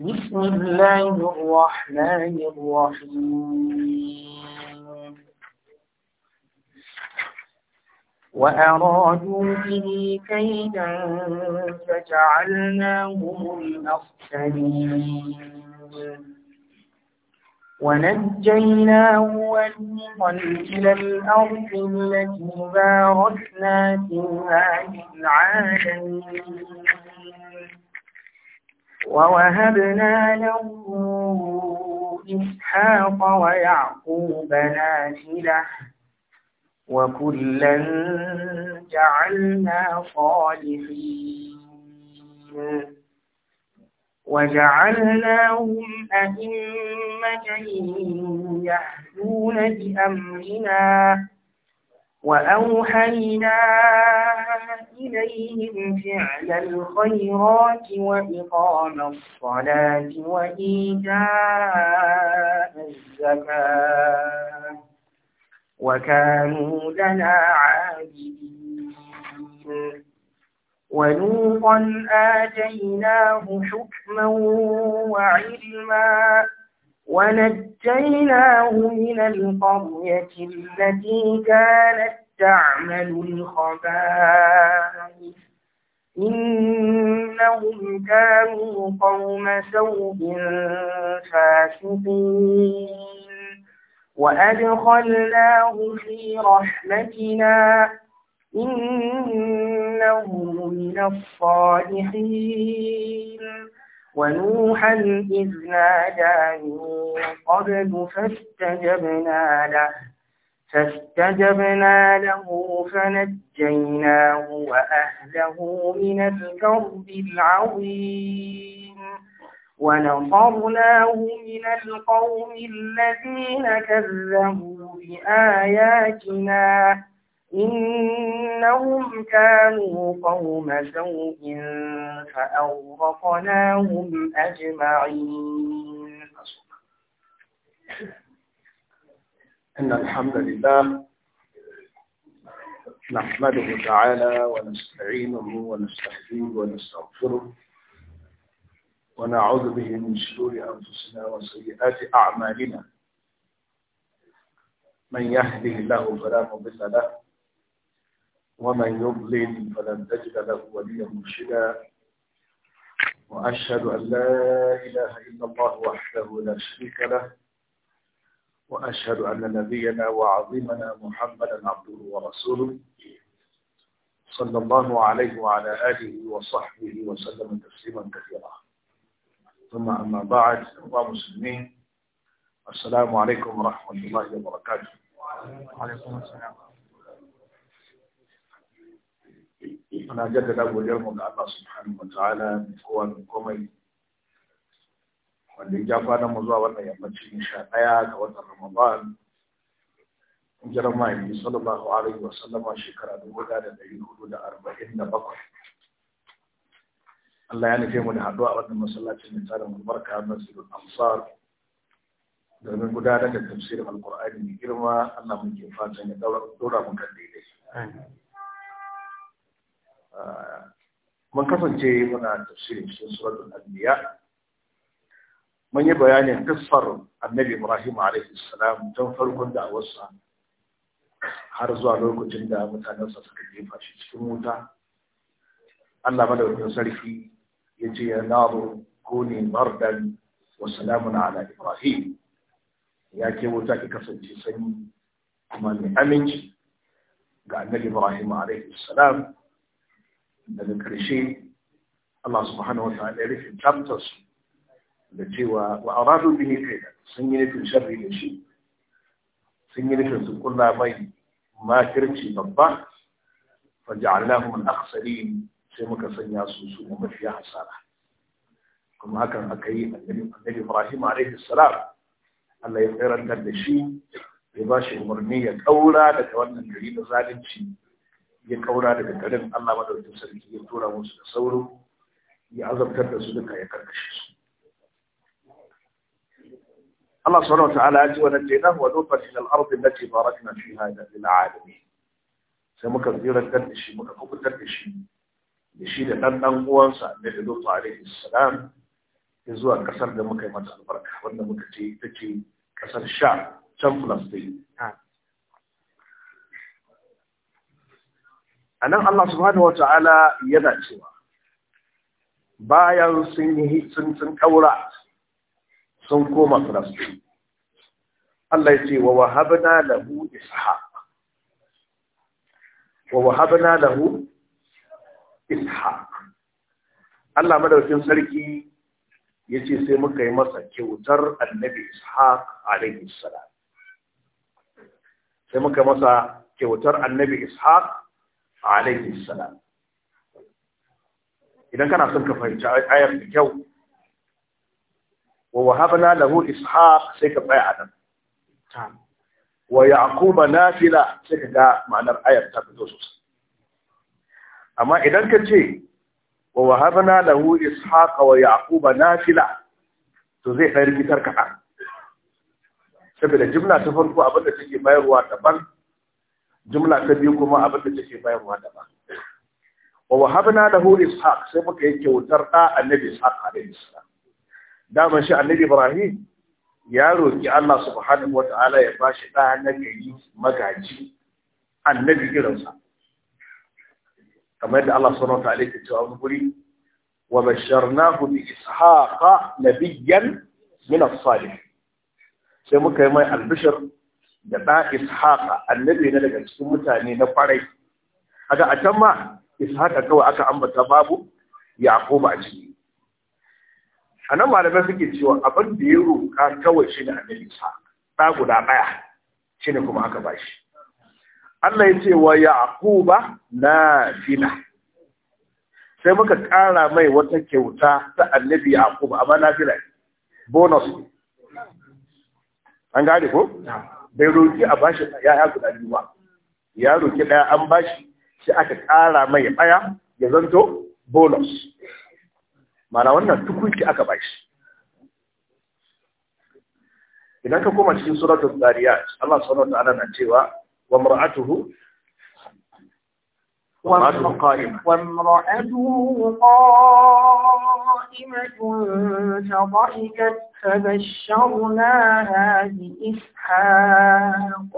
بسم الله الرحمن الرحيم وأرادوا به كيدا فجعلناهم الأخسرين ونجيناه ولوطا إلى الأرض التي باركنا فيها للعالمين ووهبنا له إسحاق ويعقوب نافلة وكلا جعلنا صالحين وجعلناهم أئمة يهدون بأمرنا وأوحينا إليهم فعل الخيرات وإقام الصلاة وإيتاء الزكاة وكانوا لنا عابدين ولوطا آتيناه حكما وعلما ونجيناه من القرية التي كانت تعمل الخبائث إنهم كانوا قوم سوء فاسقين وأدخلناه في رحمتنا إنه من الصالحين ونوحا إذ نادى من قبل فاستجبنا له فاستجبنا له فنجيناه وأهله من الكرب العظيم ونصرناه من القوم الذين كذبوا بآياتنا إنهم كانوا قوم سوء فأغرقناهم أجمعين إن الحمد لله نحمده تعالى ونستعينه ونستهديه ونستغفره ونعوذ به من شرور أنفسنا وسيئات أعمالنا من يهده الله فلا مضل له ومن يضلل فلن تجد له وليا مرشدا وأشهد أن لا إله إلا الله وحده لا شريك له وأشهد أن نبينا وعظيمنا محمدا عبده ورسوله صلى الله عليه وعلى آله وصحبه وسلم تسليما كثيرا ثم أما بعد المسلمين السلام عليكم ورحمة الله وبركاته وعليكم السلام muna jaddada godiyar mu ga Allah subhanahu wa ta'ala mai kowa mai komai wanda ya mu zuwa wannan yammacin sha ɗaya ga watan Ramadan hijirar mahaifi sallallahu alaihi wa sallama shekara dubu da ɗari hudu da arba'in da bakwai Allah ya nufe mu da haɗuwa a wannan masallacin da tsarin albarka masjidul amsar domin gudanar da tafsirin alkur'ani mai girma Allah muke fatan ya daura mu kan daidai Eh, mun kasance muna tafsirin cikin suratul anbiya mun yi bayanin kissar annabi ibrahim alaihi salam tun farkon da wasa har zuwa lokacin da mutanen sa suka jefa shi cikin wuta Allah madaukakin sarki ya ce ya nabu kuni bardan wa salamun ala ibrahim ya ke wuta ki kasance sanyi kuma mai aminci ga annabi ibrahim alaihi salam daga ƙarshe Allah subhanahu wa ta'ala ya rufe chapters da cewa wa aradu bihi kaida sun yi nufin sharri da shi sun yi nufin su kulla mai makirci babba fa ja'alnahum al-akhsarin sai muka sanya su su mafiya hasara kuma hakan aka yi annabi Ibrahim alaihi salam Allah ya tsirantar da shi ya ba shi umarni ya kaura daga wannan gari na zalunci ya kaura daga garin Allah madaukakin sarki ya tura musu da sauro ya azabtar da su duka ya karkashe su Allah subhanahu wa ta'ala ya ce wa najjaynahu wa lutan ila al-ardi allati barakna fiha lil alamin sai muka tsirantar da shi muka kubutar da shi da shi da dan dan uwansa Annabi Lut alaihi salam ya zuwa kasar da muka yi mata albarka wanda muka ce ita ce kasar Sha can Palestine a nan Allah subhanahu wa ta'ala yana cewa bayan sun yi sun ƙaura, sun koma filastin Allah ya ce wa wahabna lahu ishaq wa wahabna lahu ishaq Allah madaukin sarki ya ce sai muka yi masa kyautar annabi ishaq alaihi salam sai muka masa kyautar annabi ishaq alaihi salam idan kana son ka fahimci ayar da kyau wa wahabna lahu ishaq sai ka tsaya a ta wa yaquba nafila sai ka ga ma'anar ayar ta fito sosai amma idan ka ce wa wahabna lahu ishaq wa yaquba nafila to zai ɗan rikitar kaɗan saboda jimla ta farko abinda take bayarwa daban jumla ta biyu kuma abin da take bayarwa da ba wa wahabna lahu ishaq sai muka yi kyautar da annabi ishaq alaihi salam dama shi annabi ibrahim ya roki Allah subhanahu Ta'ala ya bashi da na gari magaji annabi girinsa. kamar yadda Allah subhanahu wataala yake cewa wani guri wa basharnahu bi ishaqa nabiyyan min as-salihin sai muka yi mai albishir da ɗa ishaqa annabi na daga cikin mutane na kwarai kaga a can ma ishaqa kawai aka ambata babu yaqub a ciki a nan malamai suke cewa abin da ya roƙa kawai shi ne annabi ishaq ɗa guda ɗaya shi ne kuma aka bashi Allah ya ce wa yaquba fina sai muka ƙara mai wata kyauta ta annabi yaquba amma na fina bonus an gane ko bai roƙi a bashi ya guda biyu ba ya roƙi ɗaya an bashi shi aka ƙara mai ɗaya ya zanto bonus mana wannan tukunki aka bashi idan ka koma cikin suratul zariyat Allah subhanahu wa ta'ala na cewa wa mar'atuhu وامرأته قائمة وامرأته قائمة فضحكت فبشرناها بإسحاق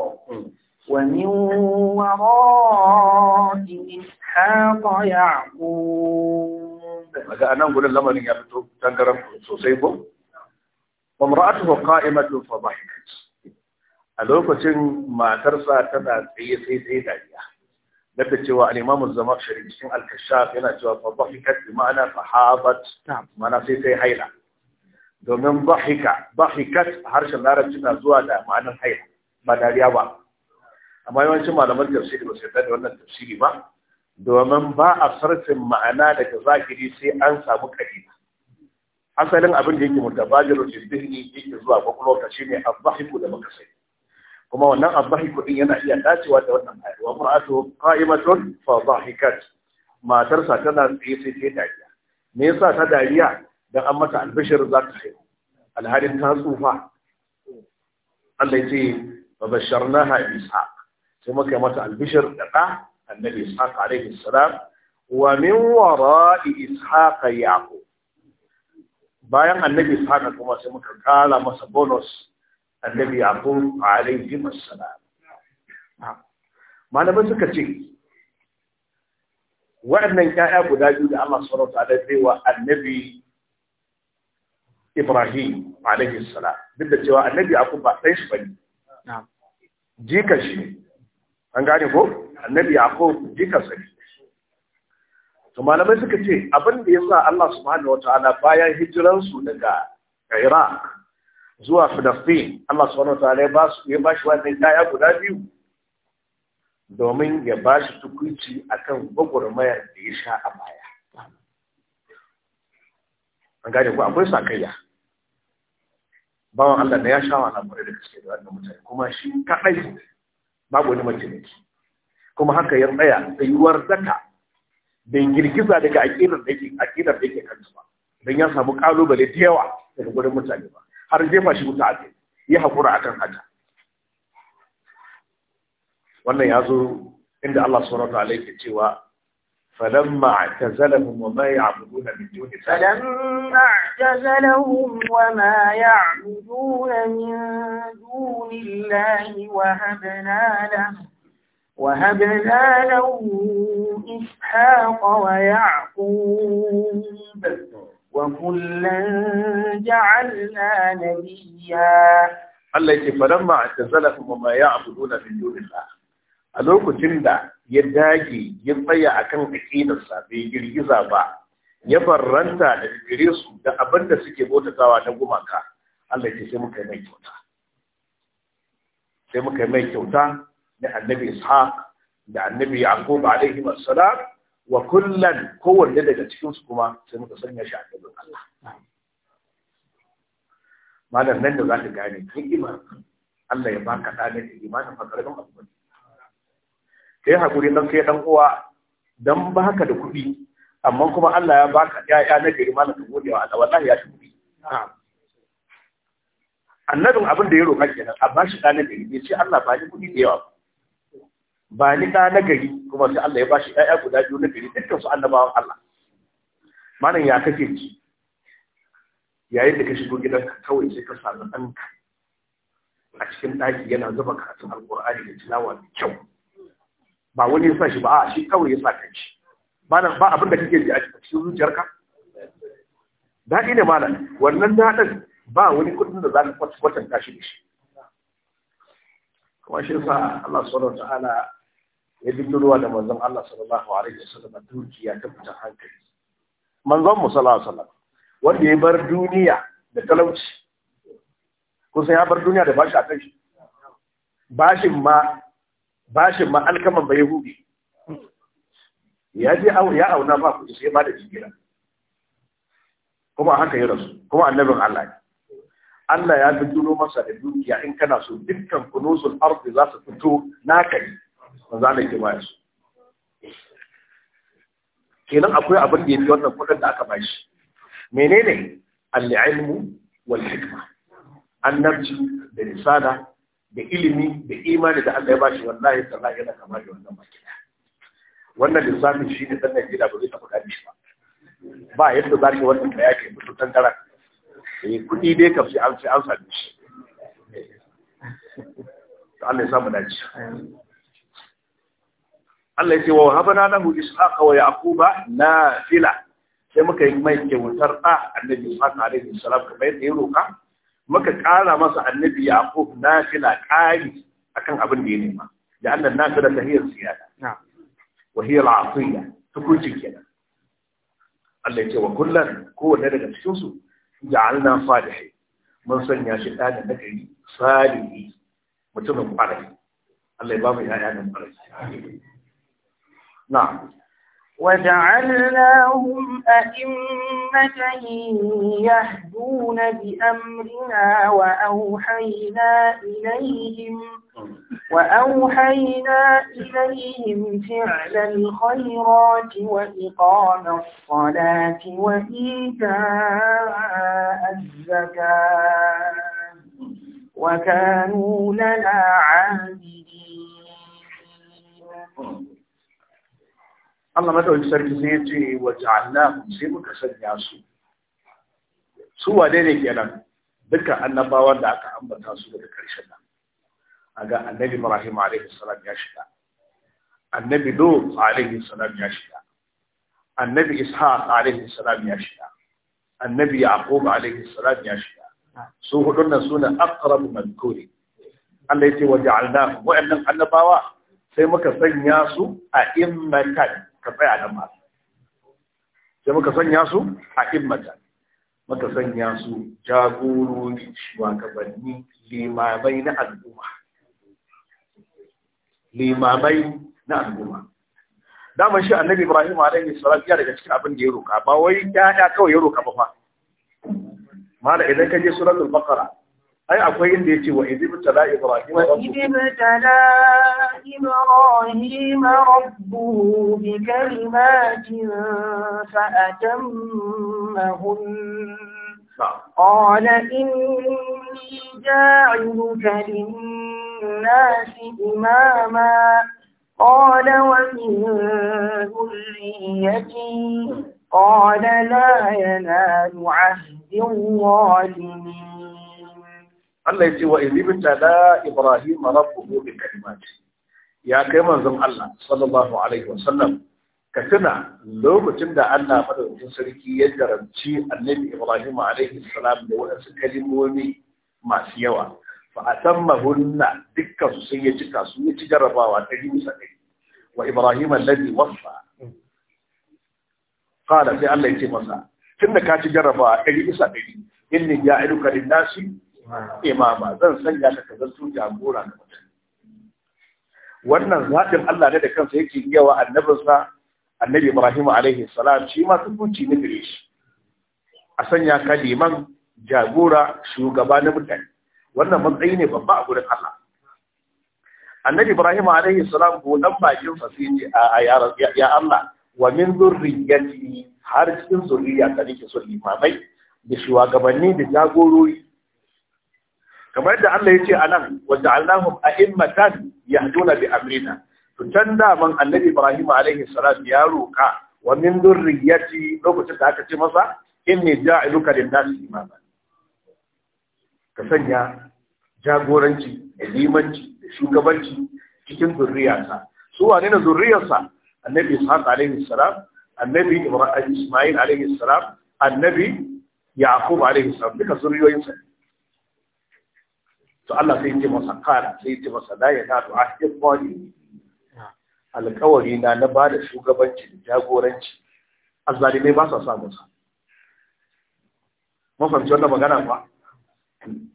ومن وراء إسحاق يعقوب ماذا أنا أقول لما يبدو تنقرم سوسيبو وامرأته قائمة فضحكت a ما matarsa tana tsaye sai sai dariya duk cewa al Zama zamakshari cikin al-kashaf yana cewa fa dhahikat bi ma'ana sahabat ma'ana sai sai haila domin dhahika dhahikat harshen larabci na zuwa da ma'anar haila ba dariya ba amma yawancin malaman tafsiri ba su yarda da wannan tafsiri ba domin ba a sarfin ma'ana daga zahiri sai an samu kalila asalin abin da yake mutabajirul jibrini yake zuwa kwakwalwa shine ne dhahiku da muka kuma wannan abbahi kudin yana iya dacewa da wannan ayar wa mar'atu qa'imatun fa dhahikat matarsa tana tsaye sai ta dariya me yasa ta dariya dan an mata albishir za ta haihu alhalin ta tsufa Allah ya ce fa basharnaha ishaq sai muka mata albishir da da annabi ishaq alaihi salam wa min wara'i ishaq yaqub bayan annabi ishaq kuma sai muka kala masa bonus annabi yaqub alaihi assalam malamai suka ce wannan kaya guda biyu da Allah subhanahu wa ta'ala bai wa annabi Ibrahim alaihi salam duk da cewa annabi Yaqub ba sai shi bane jika shi an gane ko annabi Yaqub jika sa to malamai suka ce abin da yasa Allah subhanahu ta'ala bayan hijiransu daga Iraq zuwa Filistin Allah subhanahu wataala ya ba shi wannan kaya guda biyu domin ya ba shi a akan gwagwarmayar da ya sha a baya an gane ku akwai sakayya bawan Allah na ya sha wani amurai da kaske da wannan mutane kuma shi kaɗai babu wani majalisi kuma haka ya tsaya tsayuwar zaka don girgiza daga aƙidar da yake ba don ya samu ƙalubale da yawa daga gurin mutane ba har jefa shi wuta a ya haƙura akan haka wannan ya zo inda Allah subhanahu wa ta'ala yake cewa فلما اعتزلهم وما يعبدون من دون الله فلما اعتزلهم وما يعبدون من دون الله وهبنا له وهبنا له إسحاق ويعقوب وكلا جعلنا نبيا Allah yake faran ma ta zalafa ma ma ya abudu na bin dunillah a lokacin da ya dage ya tsaya akan aqidarsa bai girgiza ba ya barranta da gire su da abin da suke bautatawa na gumaka Allah yake sai muka yi mai kyauta sai muka yi mai kyauta da annabi ishaq da annabi yaqub alaihi assalam wa kullan kowanne daga cikinsu kuma sai muka sanya shi a gaban Allah malam nan da za ka gane hikimar Allah ya baka ɗa ne da imanin ba ƙarfin abu ne kai hakuri dan kai dan uwa dan baka da kuɗi amma kuma Allah ya baka ƴaƴa na gari malam ka gode wa Allah wallahi ya shi kuɗi annabin abin da ya roƙa kenan a bashi ɗa na gari bai ce Allah ba ni kuɗi da yawa ba ni da na gari kuma sai Allah ya bashi ƴaƴa guda biyu na gari dukkan su annabawan Allah malam ya kake ki? yayin da ka shigo gidanka kawai sai ka samu ɗanka a cikin ɗaki yana zuba karatun alƙur'ani da tilawa mai kyau ba wani ya sa shi ba a shi kawai ya sa kanshi malam ba abin da kake ji a cikin zuciyarka daɗi ne malam wannan daɗin ba wani kudin da za ka kwatanta shi da shi kuma shi sa Allah subhanahu wa ta'ala ya bidurwa da manzon Allah sallallahu alaihi wasallam dukiya ta fitan hankali manzon mu sallallahu alaihi wasallam wanda ya bar duniya da talauci kusan ya bar duniya da bashi a kai bashin ma bashin ma alkaman bai hudu ya au ya auna ba ku sai ba da jigila kuma haka ya rasu kuma annabin Allah ne Allah ya bidirowa masa da dukiya in kana so dukkan kunusul ardi za su fito na kai manzo Allah ke bayar kenan akwai abin da ya fi wannan kudin da aka bashi menene al-ilmu wal hikma annabci da risala da ilimi da imani da Allah ya bashi wallahi tallahi yana kama da wannan baki wannan lissafi shi ne dan gida ba zai taɓa gani shi ba ba yadda za ka wannan da yake mutu tantara eh kudi dai kam sai an sai an sami shi Allah ya samu dace Allah ya ce wa habana lahu ishaqa wa yaquba nafila sai muka yi mai kyautar da annabi sallallahu alaihi wasallam kamar yadda ya roka muka kara masa annabi yaqub nafila kai akan abin da ya nema da annan nafila ta hiyar siyada wa hiya al'afiya tukunci kenan Allah ya ce wa kullan kowanne daga cikin su ja'alna salihin mun sanya shi da nagari salihi mutumin kwarai Allah ya ba mu ya'ya nan نعم وجعلناهم أئمة يهدون بأمرنا وأوحينا إليهم وأوحينا إليهم فعل الخيرات وإقام الصلاة وإيتاء الزكاة وكانوا لنا عابدين Allah madauki sarki sai ya ce wa ja'alna sai muka sanya su su wane ne kenan dukkan annabawan da aka ambata su daga ƙarshen nan A ga annabi Ibrahim alaihi salam ya shiga annabi Lut alaihi salam ya shiga annabi Ishaq alaihi salam ya shiga annabi Yaqub alaihi salam ya shiga su hudun nan suna aqrabu madkuri Allah ya ce wa ja'alna wa'annan annabawa sai muka sanya su a immatan ka tsaya da masu sai muka sanya su a immata muka sanya su jagorori shugabanni limamai na al'umma limamai na al'umma daman shi annabi ibrahim a ɗan salatu ya daga cikin abin da ya roka ba wai ya kawai ya roka ba fa da idan ka je suratul baqara أي أقوي إن ديتي وإذ ابتلى إبراهيم وإذ ابتلى إبراهيم ربه بكلمات فأتمهن نعم. قال إني جاعلك للناس إماما قال ومن ذريتي قال لا ينال عهد الظالمين Allah ya ce wa izibta la ibrahim rabbuhu bi kalimati ya kai manzon Allah sallallahu alaihi sallam ka tuna lokacin da Allah madaukakin sarki ya jaranci annabi ibrahim alaihi salam da wasu kalimomi masu yawa fa atammahunna dukkan su sun yi cika su yi ci jarabawa ta musa ɗari wa ibrahim alladhi wasa qala sai Allah ya ce masa tunda ka ci jarabawa ɗari bisa ɗari inni ja'iluka lin-nasi imama zan sanya ka ka jagora da mutane wannan zaɓin Allah ne da kansa yake yi wa annabinsa annabi Ibrahim alaihi salam shi ma sunci ne gare shi a sanya ka liman jagora shugaba na mutane wannan matsayi ne babba a gurin Allah annabi Ibrahim alaihi salam gonan bakin sa sai ce a ya Allah wa min zurriyati har cikin zuriya ka nake so imamai da shugabanni da jagorori kamar da Allah ya ce a nan wa ja'alnahum a'immatan yahduna bi amrina to can da man annabi Ibrahim alaihi salatu ya roka wa min dhurriyyati lokacin da aka ce masa inni ja'iluka lin-nasi imama ka sanya jagoranci da limanci da shugabanci cikin zurriyarsa su wane ne zurriyarsa annabi Ishaq alaihi salam annabi Ibrahim Ismail alaihi salam annabi Yaqub alaihi salam duka zurriyoyinsa ne to Allah sai ce masa kara sai ce masa da ya nadu ahdin mali alƙawari na na ba da shugabanci da jagoranci azzalimai ba sa sa musa mafarci wannan magana ba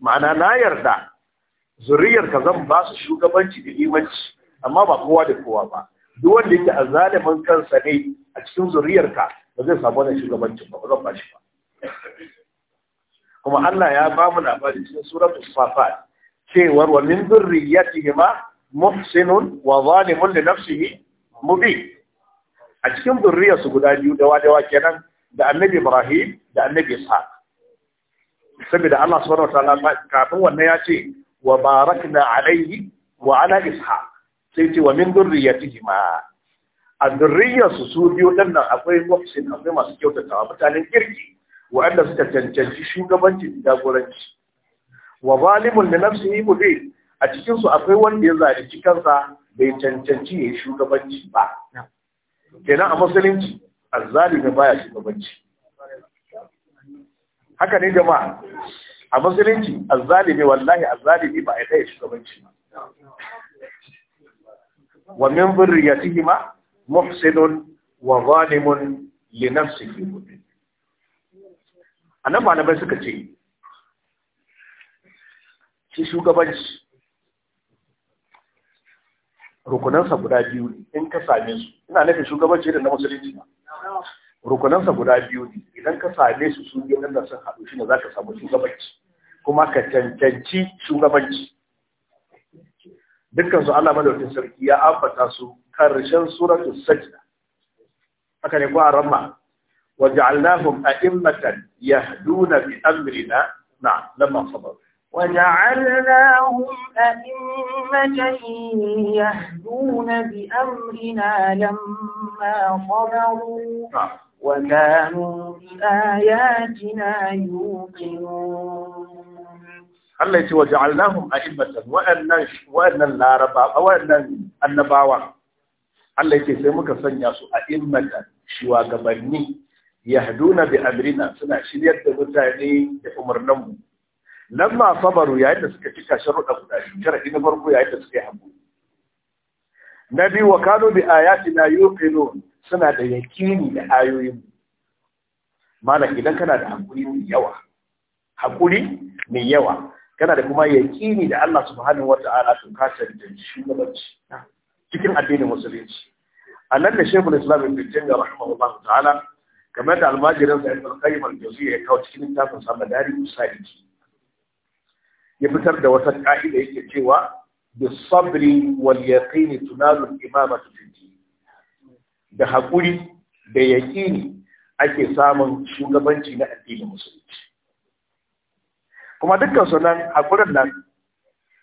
ma'ana na yarda zuriyar ka zan ba su shugabanci da imanci amma ba kowa da kowa ba duk wanda yake azalimin kansa ne a cikin zuriyar ka ba zai samu wannan shugabancin ba ba zan ba shi ba kuma Allah ya ba mu labarin cikin suratul safat cewar wa min zurriyatihima muhsinun wa zalimun li nafsihi bi? a cikin zurriyarsu guda biyu dawa kenan da annabi Ibrahim da annabi Ishaq saboda Allah subhanahu wataala kafin wannan ya ce wa na alaihi wa ala Ishaq sai ce wa min zurriyatihima a zurriyarsu su biyu din nan akwai muhsin akwai masu kyautatawa mutanen kirki waɗanda suka cancanci shugabancin da jagoranci wa zalimun li nafsihi mubin a cikin su akwai wanda ya zalunci kansa bai cancanci ya shugabanci ba kenan a musulunci azzalimi baya shugabanci haka ne jama'a a musulunci azzalimi wallahi azzalimi ba a kai shugabanci ba wa min ma muhsinun wa zalimun li nafsihi mubin anan malamai suka ce shi shugabanci rukunansa guda biyu ne in ka same su ina nufin shugabanci da na musulunci ba rukunansa guda biyu ne idan ka same su su biyu da sun haɗu shi ne za ka samu shugabanci kuma ka cancanci shugabanci dukkan su Allah madaukin sarki ya ambata su karshen suratul sajda haka ne ko a ramma waja'alnahum a'immatan yahduna bi amrina na lamma sabaru وجعلناهم أئمة يهدون بأمرنا لما صبروا وكانوا بآياتنا يوقنون الله يتي وجعلناهم أئمة وأن وأن الأربع وأن النبوة الله يتي سيمك سنياسو أئمة شوا قبلني يهدون بأمرنا سنعشي يد بتاعي لأمرنا lamma sabaru yayin da suka cika sharuɗa guda sharadi na farko yayin da suka yi haƙuri na biyu wa kano bi na yuqinu suna da yakini da ayoyin malam idan kana da hakuri mai yawa hakuri mai yawa kana da kuma yakini da Allah subhanahu wata'ala to ka na bacci cikin addinin musulunci a nan da shekul islam ibn taymiya rahimahullah ta'ala kamar da almajirin sa ibn qayyim al-jawziyya ya kawo cikin tafsirin sa madari musaiki ya fitar da wata ka'ida yake cewa bi sabri wal yaqini tunalu imamatu fid da hakuri da yaqini ake samun shugabanci na addinin musulunci kuma dukkan su nan hakurin nan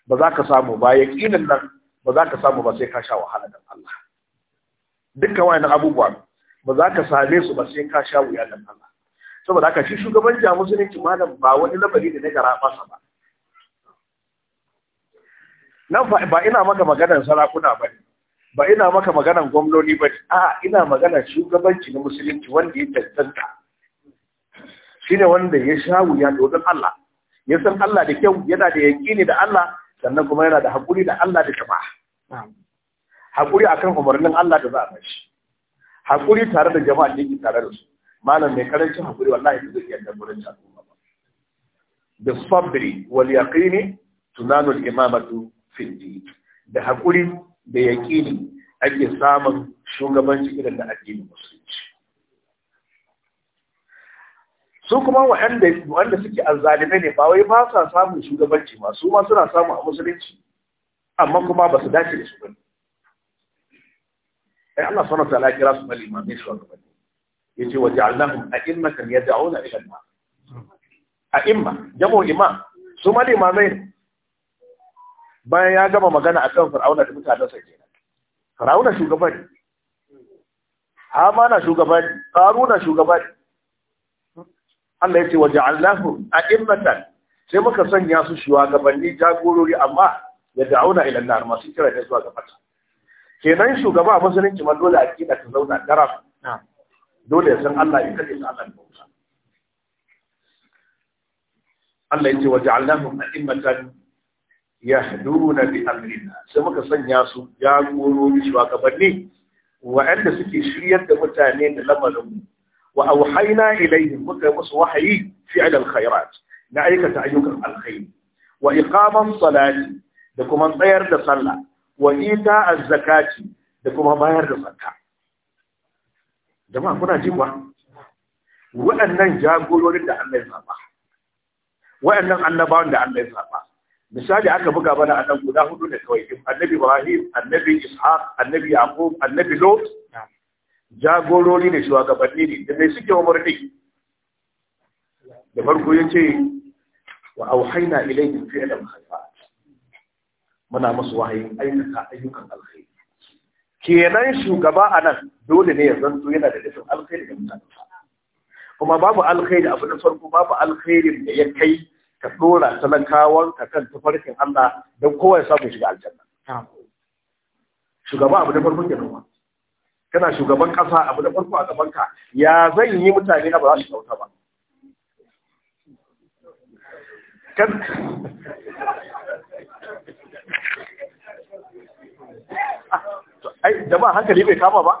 ba za ka samu ba yaqinin nan ba za ka samu ba sai ka sha wahala dan Allah dukkan wayannan abubuwa ba za ka same su ba sai ka sha wuya dan Allah saboda haka shi shugabanci a musulunci malam ba wani labari da na gara masa ba nan ba ina maka maganar sarakuna ba ne ba ina maka maganar gwamnoni ba ne a ina maganar shugabanci na musulunci wanda ya tattanta. Shi ne wanda ya sha wuya domin Allah ya san Allah da kyau yana da yaƙini da Allah sannan kuma yana da haƙuri da Allah da jama'a haƙuri akan umarnin Allah da za a bashi haƙuri tare da jama'a da yake tare da su malam mai karancin haƙuri wallahi zai iya tabbatar da al'umma ba sabri wal yaqini tunanu al imamatu fiddi da haƙuri da yaƙini ake samun shugabanci irin da addinin musulunci su kuma waɗanda suke azzalimai ne ba wai ba sa samun shugabanci ba su ma suna samu a musulunci amma kuma ba su dace da su bane ai Allah subhanahu wa kira su mal imamai shugabanni yace wa ja'alnahum a'immatan yad'una ila al-ma a'imma jama'u imam su mal imamai bayan ya gama magana a kan fir'auna da mutanensa nan. fir'auna shugaba ne hamana shugaba ne karuna shugaba ne Allah ya ce wa ja'alnahu a'immatan sai muka sanya su shugabanni jagorori amma ya da'auna ila nar masu kira da zuwa ga fata kenan shugaba a musulunci ma dole a kida ta zauna daraf dole ya san Allah ya kade sa Allah Allah ya ce wa ja'alnahu a'immatan yahduna bi amrina sai muka sanya su jagorori shugabanni wa'anda suke shiryar da mutane da lamarin wa auhayna ilaihim muka musu wahayi fi'l alkhairat na aikata ayyukan alkhairi wa iqaman salati da kuma tsayar da sallah wa ita az-zakati da kuma bayar da zakka jama'a kuna ji ba waɗannan jagororin da Allah ya zaba waɗannan annabawan da Allah ya zaba misali aka buga mana a nan guda hudu ne kawai annabi ibrahim annabi ishaq annabi yaqub annabi lot jagorori ne shugabanni ne da mai suke umarni da farko ya ce wa auhaina ilayhi fi adam khairat muna musu wahayin aikata ayyukan alkhairi kenan shugaba a nan dole ne ya zanto yana da nufin alkhairi da mutane kuma babu alkhairi abu na farko babu alkhairin da ya kai ka dora talakawan ka kan tafarkin Allah don kowa ya samu shiga aljanna shugaba abu da farko ke noma kana shugaban kasa abu da farko a gaban ka ya zan yi mutane na ba za su kauta ba kan ai jama'a hankali bai kama ba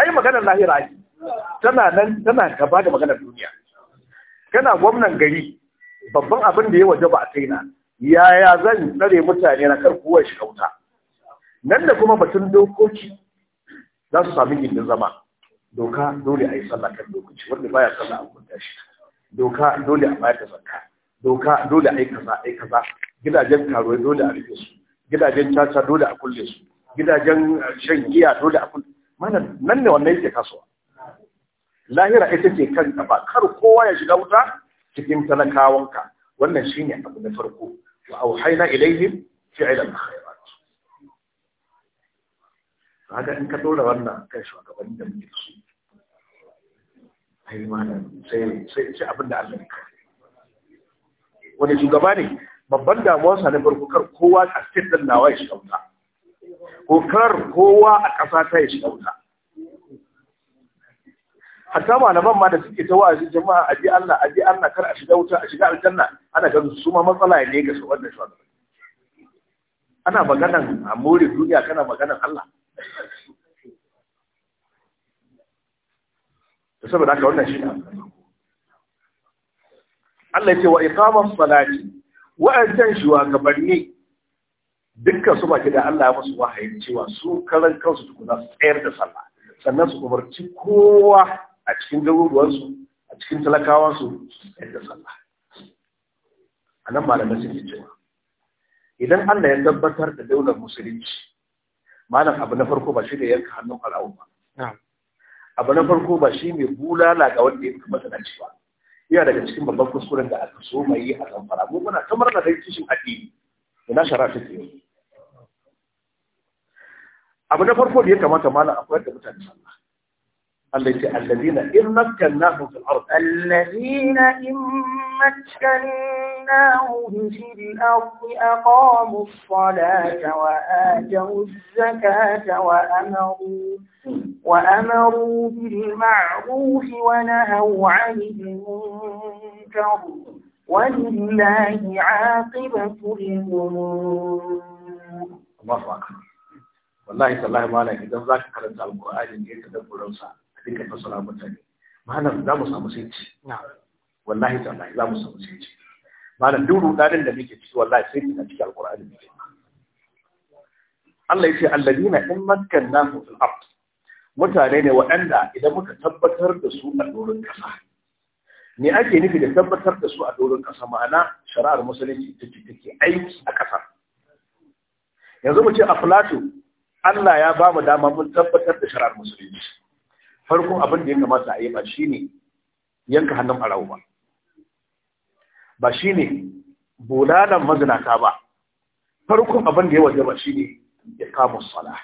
ai maganar lahira ai tana nan tana gaba da maganar duniya kana gwamnan gari babban abin da ya waje ba a na, yaya zan tsare mutane na kar kowa shi kauta nan da kuma batun dokoki za su sami gindin zama doka dole a yi sallah kan lokaci wanda baya sallah an kunta shi doka dole a bayar da zakka doka dole a yi kaza a yi kaza gidajen karuwai dole a rufe su gidajen caca dole a kulle su gidajen eh, shan giya dole a kulle mana nan ne wannan yake kasuwa lahira ita ce kan kafa kar kowa ya shiga wuta cikin talakawanka wannan shine abu na farko wa auhaina ilaihim fi'lan khairat Haka in ka dora wannan kai shugabanni da muke su ai ma sai sai ce abin da Allah ya wani shugaba ne babban sa na farko kar kowa a state din nawa ya shiga wuta ko kar kowa a kasa ta ya shiga wuta hatta malaman ma da suke ta wa'azi jama'a a bi Allah a bi Allah kar a shiga wuta a shiga aljanna ana ganin su ma matsala ne ga su da shugaban ana maganan a more duniya kana maganan Allah da saboda haka wannan shi Allah ya ce wa iqamam salati shuwa gabanni dukkan su baki da Allah ya musu wahayi cewa su karan kansu tukuna tsayar da sallah sannan su umarci kowa a cikin garuruwansu a cikin talakawansu yadda sallah a nan malamai yi cewa idan Allah ya tabbatar da daular musulunci malam abu na farko ba shi ne yanka hannun al'awun ba abu na farko ba shi mai bulala ga wanda ya fi matsalaci ba iya daga cikin babban kuskuren da aka so mai a zamfara mu muna kamar da dai kishin addini ina shara ta yi abu na farko da ya kamata malam akwai da mutane sallah التي الذين إن مكناهم في الأرض الذين إن مكناهم في الأرض أقاموا الصلاة وآتوا الزكاة وأمروا وأمروا بالمعروف ونهوا عن المنكر ولله عاقبة الأمور الله أكبر والله صلى الله عليه وسلم إذا ذاك إن القرآن يتدبر الصلاة sai ka fassara mutane malam za mu samu sai ci wallahi Allah za mu samu sai ci malam duk rudanin da muke ciki wallahi sai ki na cikin alqur'ani muke Allah yace alladina in makkannahu fil ard mutane ne waɗanda idan muka tabbatar da su a doron ƙasa ne ake nufi da tabbatar da su a doron ƙasa ma'ana shari'ar musulunci ta take aiki a ƙasa yanzu mu ce a plato Allah ya ba mu dama mun tabbatar da shari'ar musulunci farkon abin da ya kamata a yi ba shine yanka hannun barawo ba ba ne bulalan mazinata ba farkon abin da ya waje ba shine sala salah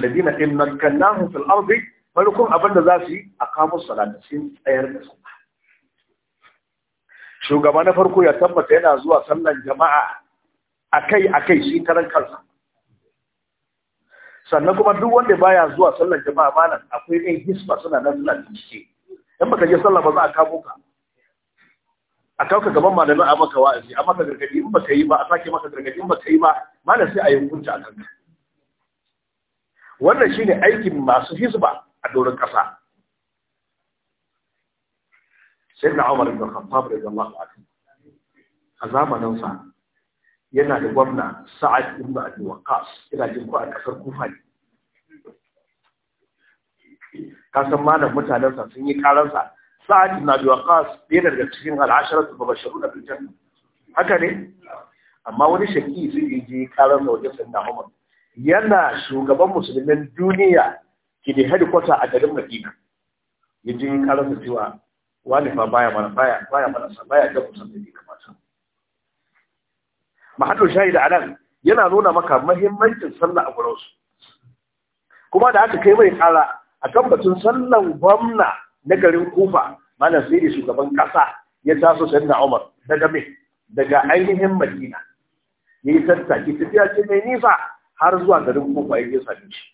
na in makkannahum fil ardi farkon abin da za su yi a sala da sun tsayar da sallah shugaba na farko ya tabbata yana zuwa sallan jama'a akai akai shi karan kansa sannan kuma duk wanda baya zuwa sallar jama'a malam akwai ɗan hisba suna nan suna cike. in baka je sallah ba za a kawo ka a kauka gaban malami a maka wa'azi a maka gargaɗi in baka yi ba a sake maka gargaɗi in baka yi ba malam sai a yi hukunci a kanka wannan shine aikin masu hisba a doron ƙasa sai na Umar ibn Khattab radiyallahu anhu a zamanin sa yana da gwamna sa'ad ibn abi waqas ila jin ko a kasar kufa ne ka san malam mutanen sa sun yi karan sa sa'ad ibn abi waqas ɗaya daga cikin al'asharatu mubashirun bil janna haka ne amma wani shaki sai je karan sa wajen sanda Umar yana shugaban musulmin duniya ke da hedikwata a garin Madina yaje je sa cewa wani fa baya mana baya baya mana baya da musulmi mahallin shahida a nan yana nuna maka mahimmancin sallah a gurinsu kuma da aka kai mai kara a kan batun sallan gwamna na garin kufa malam sai da shugaban kasa ya taso da umar daga mai daga ainihin madina ya yi tattaki tafiya ce mai nisa har zuwa garin kufa ya yi sami shi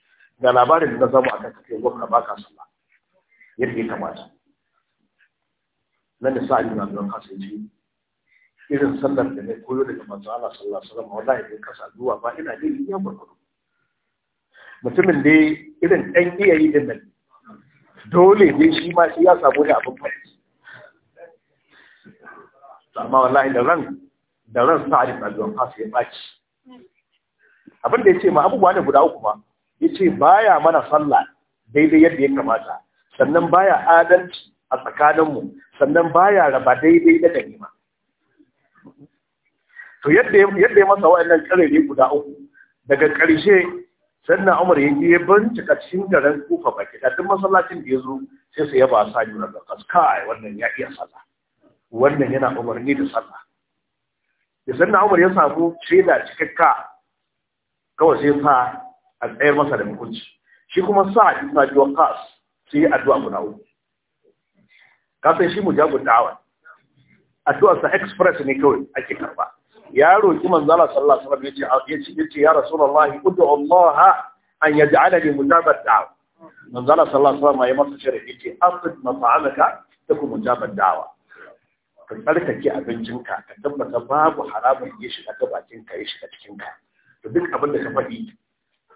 ga labarin da na samu a kan gwamna ba ka sallah yadda ya kamata nan da sa'adin na zuwa kasa ya irin sallar da ne koyo daga manzo Allah sallallahu alaihi wasallam wallahi bai kasa zuwa ba ina jin ya gurgudu mutumin da irin dan iyayi din nan dole ne shi ma shi ya samu da abin fahimci amma wallahi da ran da ran sa'adin aljon hasu ya ɓaci abin da ya ce ma abubuwa ne guda uku ma ya ce baya mana sallah daidai yadda ya kamata sannan baya adalci a tsakaninmu sannan baya raba daidai da ganima to yadda yadda ya masa wa'annan karere guda uku daga ƙarshe sannan Umar ya je bincika cikin garin Kufa baki da duk masallacin da ya zo sai sai ya ba sa ni daga kaskai wannan ya iya sallah wannan yana umarni da sallah da sannan Umar ya samu shaida cikakka kawai sai sa a tsayar masa da mukunci shi kuma sa ibn Abi kas sai addu'a guda uku kafin shi mujabud da'awa addu'arsa express ne kawai ake karba ya roki manzo Allah sallallahu alaihi wasallam yace ah, yace ya rasulullahi ud'u Allah an yaj'ala li mujabad da'wa manzo Allah sallallahu alaihi wasallam ya masa sharhi yace afid mat'amaka takum mujabad da'wa ka tsarkake abincinka ka tabbata babu haramun ya shiga ta bakinka ya shiga cikinka to duk abin da ka faɗi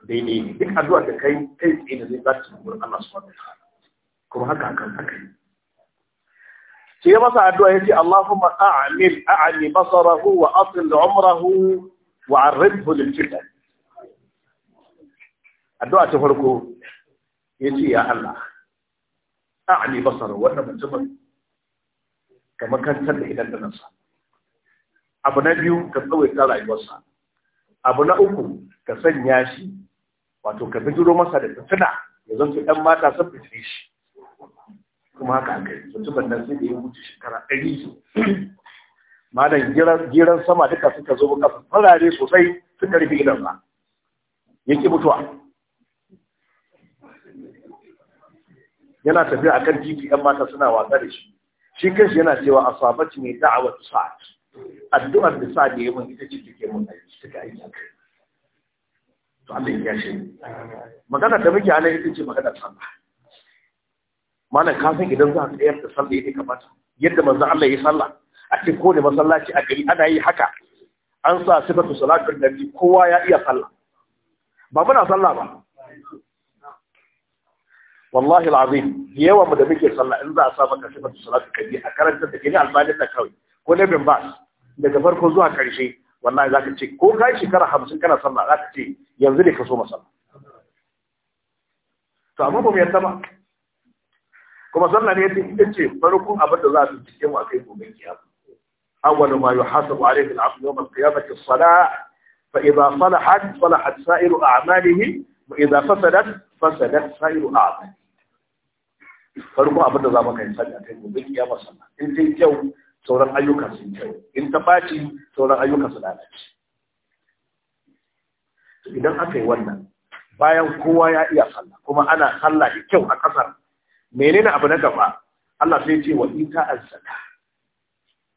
daidai ne duk addu'a da kai kai tsaye da zai za ta Allah subhanahu wa ta'ala kuma haka kan haka shi ya masa addu'a yace Allahumma a'mil a'li basarahu wa atil umrahu wa arridhu lil fitan addu'a ta farko yace ya Allah a'li basarahu wannan mutumin ka makantar da idan da nasa abu na biyu ka ta rayuwarsa abu na uku ka sanya shi wato ka bijiro masa da fitina ya zanto ɗan mata sun fitine shi kuma haka aka yi mutumin nan sai da ya mutu shekara ɗari malam giran sama duka suka zo kasa farare sosai suka rufe idan ba yake mutuwa yana tafiya a kan titi ‘yan mata suna wasa da shi shi kanshi yana cewa a sabaci ne da'awar sa'ad addu'ar da sa'ad da ya mun ita ce take mun aiki suka aiki a kai to Allah ya shi magana ta muke ana ita ce magana sallah mana ka san idan za a tsayar da sallah yadda kamata yadda manzo Allah ya sallah a cikin kowane masallaci a gari ana yi haka an sa sifatu salatu nabi kowa ya iya sallah ba muna sallah ba wallahi alazim yawa mu da muke sallah in za a sa maka sifatu salatu kabi a karanta da kini albanin da kawai ko ne bin bas daga farko zuwa karshe wallahi zaka ce ko kai shekara 50 kana sallah zaka ce yanzu ne ka so masallah to amma ba mu yarda ba kuma sannan ne ita ce farkon abin da za su cike mu akai gobe kiyama awwal ma yuhasabu alayhi al-'abdu yawm al-qiyamati as-salah fa idha salahat salahat sa'iru a'malihi wa idha fasadat fasadat sa'iru a'malihi farkon abin da za mu kai a kai gobe kiyama sannan in dai kyau sauran ayyukan sun kyau in ta baci sauran ayyukan su lalace idan aka yi wannan bayan kowa ya iya sallah kuma ana sallah da kyau a kasar menene abu na gaba Allah sai ce wa ita azzaka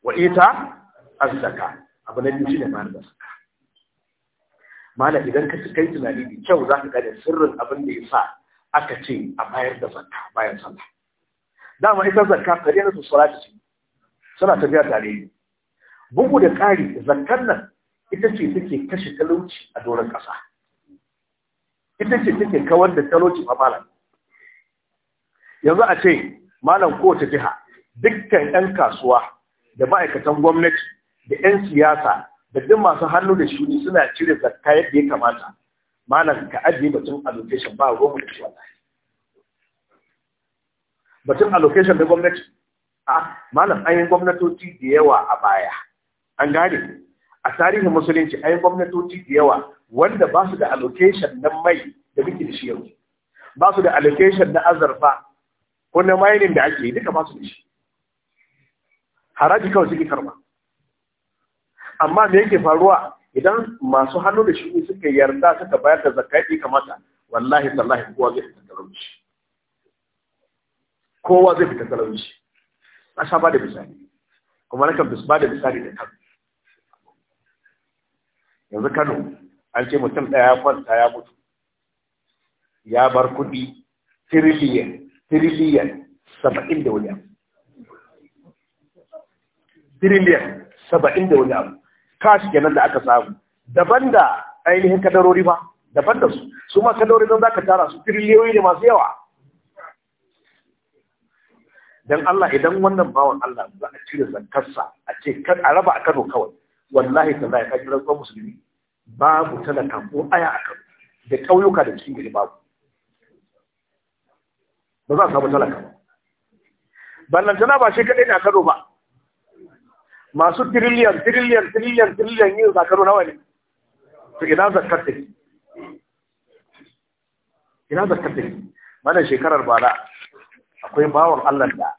wa ita azzaka abu na biyu ne ma da zaka mala idan ka kai tunani da kyau za ka gane sirrin abin da ya sa aka ce a bayar da zakka bayan sallah dama ita zakka kariyar su salati ce suna tafiya tare ne bugu da ƙari zakkar nan ita ce take kashe talauci a doron ƙasa ita ce take kawar da talauci a malam yanzu a ce malam kowace jiha dukkan 'yan kasuwa da ma'aikatan gwamnati da 'yan siyasa da duk masu hannu da shuni suna cire zakka yadda ya kamata malam ka ajiye batun allocation ba ruwan da shi wallahi batun allocation da gwamnati a malam an yi gwamnatoci da yawa a baya an gane a tarihin musulunci an yi gwamnatoci da yawa wanda ba su da allocation na mai da muke da shi yau ba su da allocation na azurfa Wannan mayanin mining da ake yi duka ba su da shi haraji kawai suke karba amma me yake faruwa idan masu hannu da shi suka yarda suka bayar da zakati kamata wallahi sallahi kowa zai fita talauci kowa zai fita talauci a sha ba da misali kuma nakan ba da misali da kan yanzu kano an ce mutum ɗaya kwanta ya mutu ya bar kuɗi tiriliyan tiriliyan saba'in da wani abu tiriliyan saba'in da wani abu kashi kenan da aka samu daban da ainihin kadarori ba daban da su su ma kadarori don za ka tara su tiriliyoyi ne masu yawa don Allah idan wannan bawan Allah za a cire zankarsa a ce a raba a Kano kawai wallahi ta zai kaji rantsuwar musulmi babu talaka ko aya a Kano da ƙauyuka da cikin gari babu ba za a samu talaka ballantana ba shi kaɗai na karo ba masu tiriliyan tiriliyan tiriliyan tiriliyan yin karo nawa ne to ina zakar ta ina zakar ta mana shekarar Bala akwai bawon Allah da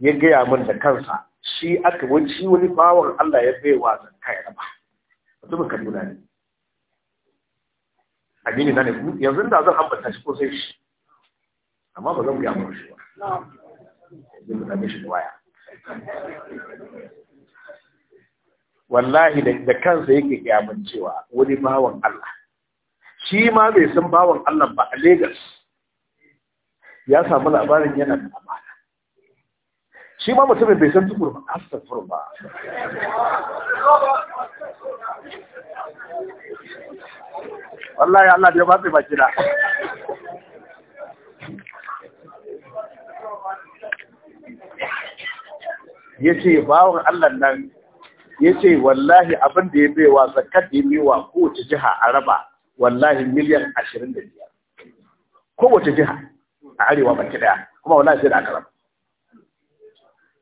ya gaya min da kansa shi aka wani wani bawon Allah ya bai wa zakka ya raba mutumin Kaduna ne a gini na ne yanzu da zan ambata shi ko sai shi amma ba zan gaya mu shi ba zai mu dame shi da waya wallahi da kansa yake kiyaman cewa wani bawan Allah shi ma bai san bawan Allah ba a Lagos ya samu labarin yana da amana shi ma mutumin bai san tukur ba astagfir ba wallahi Allah ya ba sai ba kira ya ce bawan Allah nan ya ce wallahi abin da ya baiwa zakar da ya wa kowace jiha a raba wallahi miliyan ashirin da biyar kowace jiha a arewa baki daya kuma wallahi sai da aka raba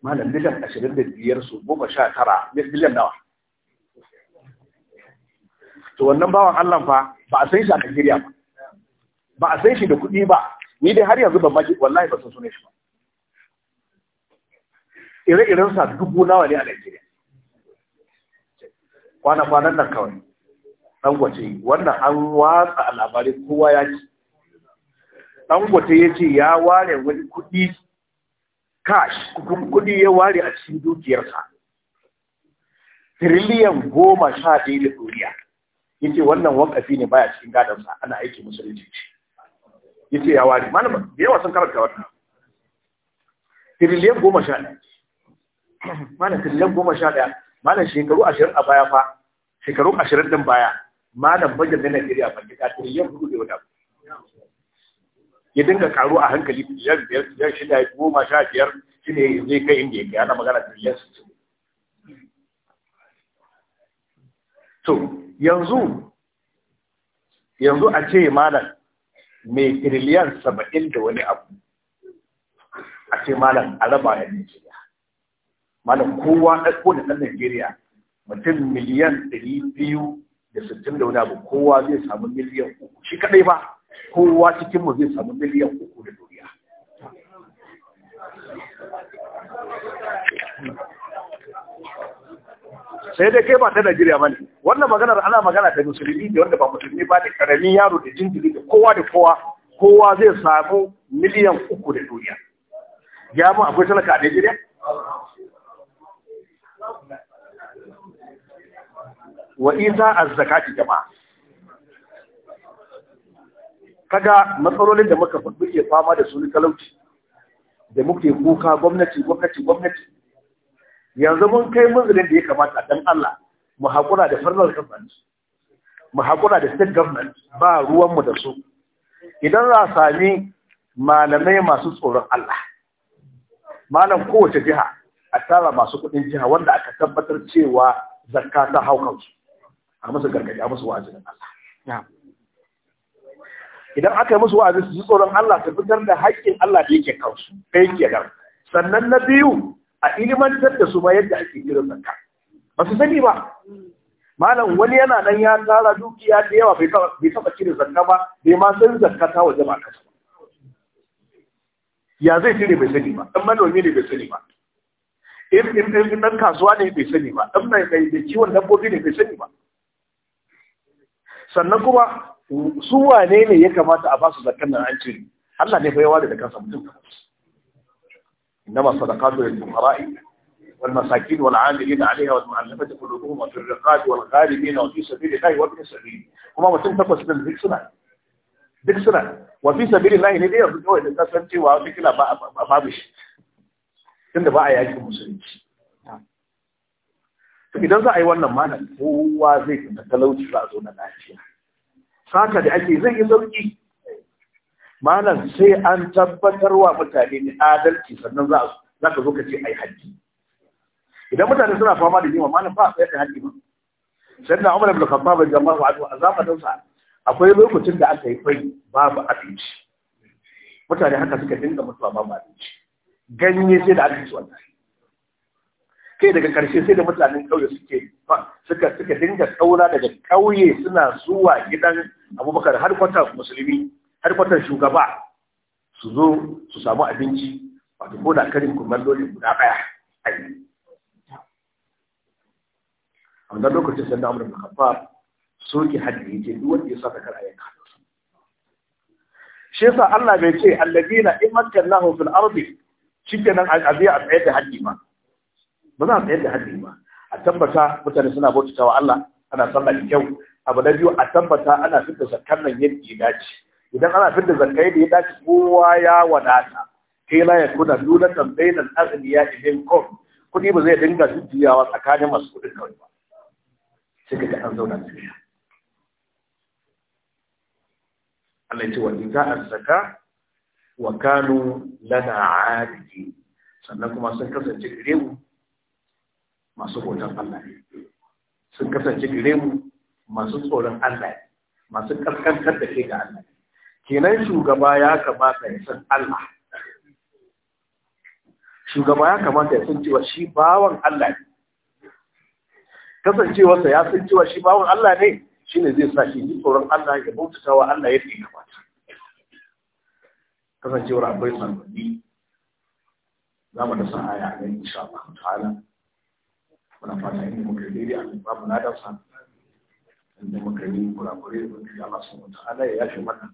malam miliyan ashirin da biyar su goma sha tara miliyan nawa to wannan bawan Allah fa ba a san shi a Najeriya ba ba a san shi da kuɗi ba ni dai har yanzu ban maki wallahi ba san sunan shi ba ire-iren sa dubu nawa ne a Najeriya kwana-kwanan nan kawai dangote wannan an watsa a kowa ya ci dangote ya ce ya ware wani kudi cash kudin kudi ya ware a cikin dukiyarsa tiriliyan goma sha ɗaya da ɗoriya ya ce wannan wakafi ne baya cikin gadonsa ana aiki musulunci ya ce ya ware malamin da yawa sun karanta wannan tiriliyan goma sha ɗaya malam tiliyan goma sha ɗaya malam shekaru ashirin a baya fa shekaru ashirin din baya malam bajar na Najeriya ban ji gida tiliyan hudu da wani abu ya dinga karu a hankali tiliyan biyar tiliyan shida goma sha biyar shi ne zai kai inda ya kai ana magana tiliyan sittin to yanzu yanzu a ce malam mai tiliyan saba'in da wani abu a ce malam a raba ya ne malam kowa ɗauko da ɗan Najeriya mutum miliyan ɗari biyu da sittin da wani abu kowa zai samu miliyan uku shi kaɗai ba kowa cikin mu zai samu miliyan uku da duniya sai dai kai ba ta Najeriya ba ne wannan maganar ana magana da musulmi da wanda ba musulmi ba da karamin yaro da jinjiri da kowa da kowa kowa zai samu miliyan uku da duniya ya mu akwai talaka a Najeriya wa isa az-zakati jama'a kaga matsalolin da muka ke fama da sunan talauci da muke kuka gwamnati gwamnati gwamnati yanzu mun kai munzulin da ya kamata dan Allah mu hakura da federal government mu hakura da state government ba ruwan mu da su idan za sami malamai masu tsoron Allah malam kowace jiha a tara masu kudin jiha wanda aka tabbatar cewa zakka ta haukansu a masa gargaɗi a musu wa'azin Allah idan aka yi musu wa'azin su tsoron Allah su fitar da haƙƙin Allah da yake kansu yake kenan sannan na biyu a ilimantar da su ma yadda ake irin zakka ba su sani ba malam wani yana nan ya tara dukiya da yawa bai taɓa cire zakka ba bai ma san zakka ta waje ba kasa ya zai cire bai sani ba Ɗan manomi ne bai sani ba in in ɗan kasuwa ne bai sani ba Ɗan mai mai kiwon dabbobi ne bai sani ba sannan kuma su wane ne ya kamata a ba su zakkan nan an ce Allah ne bayawa da kansa mutum ka inna wani sadaqatu lil fuqara'i wal masakin wal 'amilin 'alayha wal mu'allafati qulubuhum wa firqat wal ghalibin wa fi sabilillahi wa fi sabili kuma mutum ka kusa din zikra zikra wa fi sabilillahi ne dai ya zuwa da kasancewa cikin ba ba ba ba a yaki musulunci idan za a yi wannan malam, kowa zai fita talauci za a zo na lafiya saka da ake zai yi sauki malam sai an tabbatar wa mutane ni adalci sannan za za ka zo ka ce ai haji idan mutane suna fama da yunwa malam ba sai ka haji ba sai na Umar ibn Khattab jama'a anhu a zamanin sa akwai lokacin da aka yi fai babu abinci mutane haka suka dinga mutuwa babu abinci ganye sai da aka ci wannan kai daga karshe sai da mutanen ƙauye suke suka suka dinga ƙaura daga ƙauye suna zuwa gidan abubakar har kwatar musulmi har kwatar shugaba su zo su samu abinci wato ko da karin kumallo ne guda ɗaya a yi a wannan lokacin sai da amurka kafa soke haddi ya ce duk wanda ya sa kar ayyuka yanka shi yasa Allah bai ce allazina in makkannahum fil ardi shikenan abiya a tsaye da haddi ma ba za a tsayar da haddi ba a tabbata mutane suna bautata wa Allah ana sallah da kyau abu na biyu a tabbata ana fitar zakar nan yadda ya dace idan ana fitar zakar yadda ya dace kowa ya wadata kai la yakuna duna tambayin al-aghniya idan kum kudi ba zai dinga jujjuyawa tsakanin masu kudin kawai ba sai ka an zauna lafiya Allah ya ce wa idza saka wa kanu lana aadi sannan kuma sun kasance gare mu masu hoton Allah sun kasance gare mu masu tsoron Allah masu kaskantar da ke ga Allah kenan shugaba ya kamata ya san Allah shugaba ya kamata ya san cewa shi bawan Allah ne kasancewarsa ya san cewa shi bawan Allah ne shine zai sa shi ji tsoron Allah ya bautata wa Allah yadda ya kamata kasancewar akwai sanwani. za mu da sa'aya a ganin insha Allah ta'ala muna fata inda muka yi daidai Allah babu na da sa inda muka kurakure da muka yi Allah subhanahu wa ta'ala ya yafe mana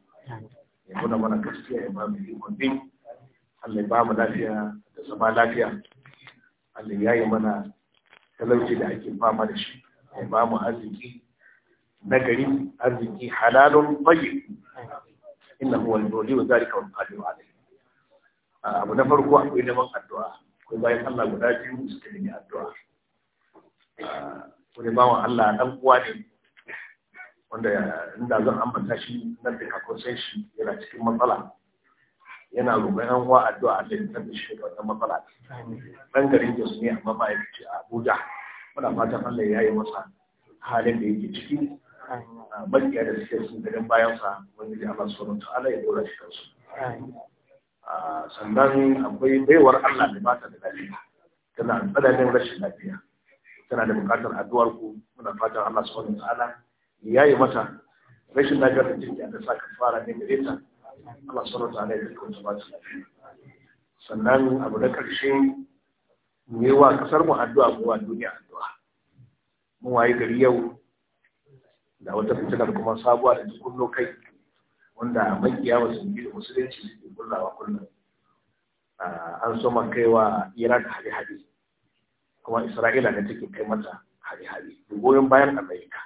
ya nuna mana gaskiya ya ba mu ikon din Allah ya bamu lafiya da zama lafiya Allah ya yi mana talauci da ake fama da shi ya ba mu arziki na gari arziki halalun bayyi inna huwa al-wali wa zalika wal qadir alayh abu na farko akwai neman addu'a akwai bayan Allah guda biyu suka yi addu'a wani bawan Allah dan uwa ne wanda inda zan ambata shi na duka ko shi yana cikin matsala yana roƙon yan uwa addu'a Allah ya da shi da wannan matsala dan garin Jos ne amma ba ya a Abuja muna fatan Allah ya yi masa halin da yake ciki makiya da suke sun bayan sa, wanda ya Allah subhanahu ta'ala ya dora shi kansu sannan akwai baiwar Allah da da lafiya tana tsananin rashin lafiya tana da bukatar addu'ar ku muna fatan Allah subhanahu wa ta'ala ya yi mata rashin lafiyar da take da sa fara ne gare ta Allah subhanahu wa ta'ala ya yi kuma ba sannan abu na karshe mu yi wa kasar mu addu'a ko wa duniya addu'a mu waye gari yau da wata fitilar kuma sabuwa da tukunno kai wanda makiya wasu biyu musulunci suke kullawa kullum ah, an soma kaiwa iraq hade-hade kuma isra'ila ne take kai mata hari-hari goyon bayan amerika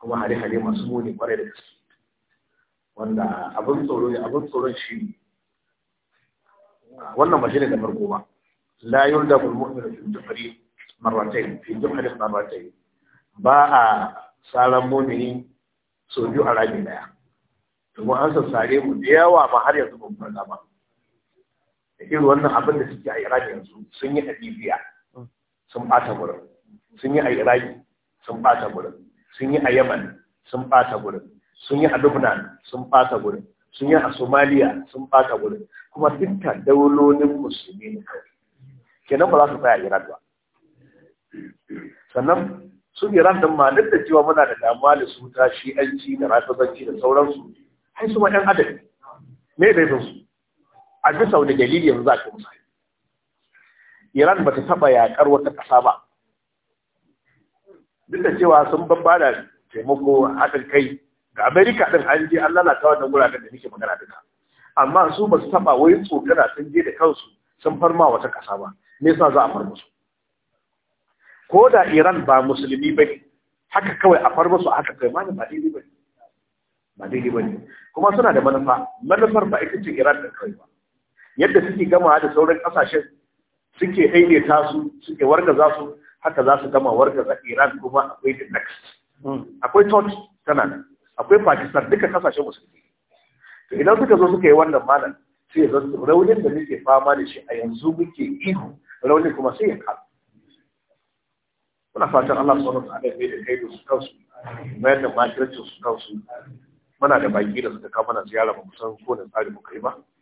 kuma hari-hari masu muni kwarai da gaske wanda abin tsoro ne abin tsoron shi ne wannan ba shi ne da farko ba la yurda bil mu'minu fi jahri marratayn fi jahri marratayn ba a salan mu'mini so biyu a rami daya kuma an sassare mu da yawa ba har yanzu ba mu farka ba da irin wannan abin da suke a iraki yanzu sun yi a libya sun bata gurin sun yi a iraki sun bata gurin sun yi a yaman sun bata gurin sun yi a lubnan sun bata gurin sun yi a somaliya sun bata gurin kuma dukkan daulonin musulmi ne kawai kenan ba za su tsaya iran ba sannan sun yi din ma duk da cewa muna da damuwa da su ta shi'anci da rasazanci da sauransu ai su ma 'yan adadi me laifin su a bisa wani dalili yanzu za ka musu Iran ba ta taɓa yaƙar wata ƙasa ba duk da cewa sun babba da taimako haɗin kai ga Amerika ɗin an je an lalata wannan wuraren da muke magana duka amma su ba su taɓa wai tsokana sun je da kansu sun farma wata ƙasa ba me yasa za a far musu ko da Iran ba musulmi ba ne haka kawai a far musu haka kai ma ba daidai ba ne ba daidai ba ne kuma suna da manufa manufar ba ita ce Iran da kawai ba yadda suke gama da sauran kasashen suke daidaita su suke wargaza su haka za su gama wargaza Iran kuma akwai the next hmm. akwai Turkey tana nan akwai Pakistan duka kasashen musulmi to idan suka zo suka yi wannan malam sai ya zanto raunin da muke fama da shi a yanzu muke ihu raunin kuma sai ya kalu muna fatan Allah su ana mai da kai da su kansu mayar da makirancin su kansu muna da baki da suka kawo mana ziyara ba mu san ko da tsari mu kai ba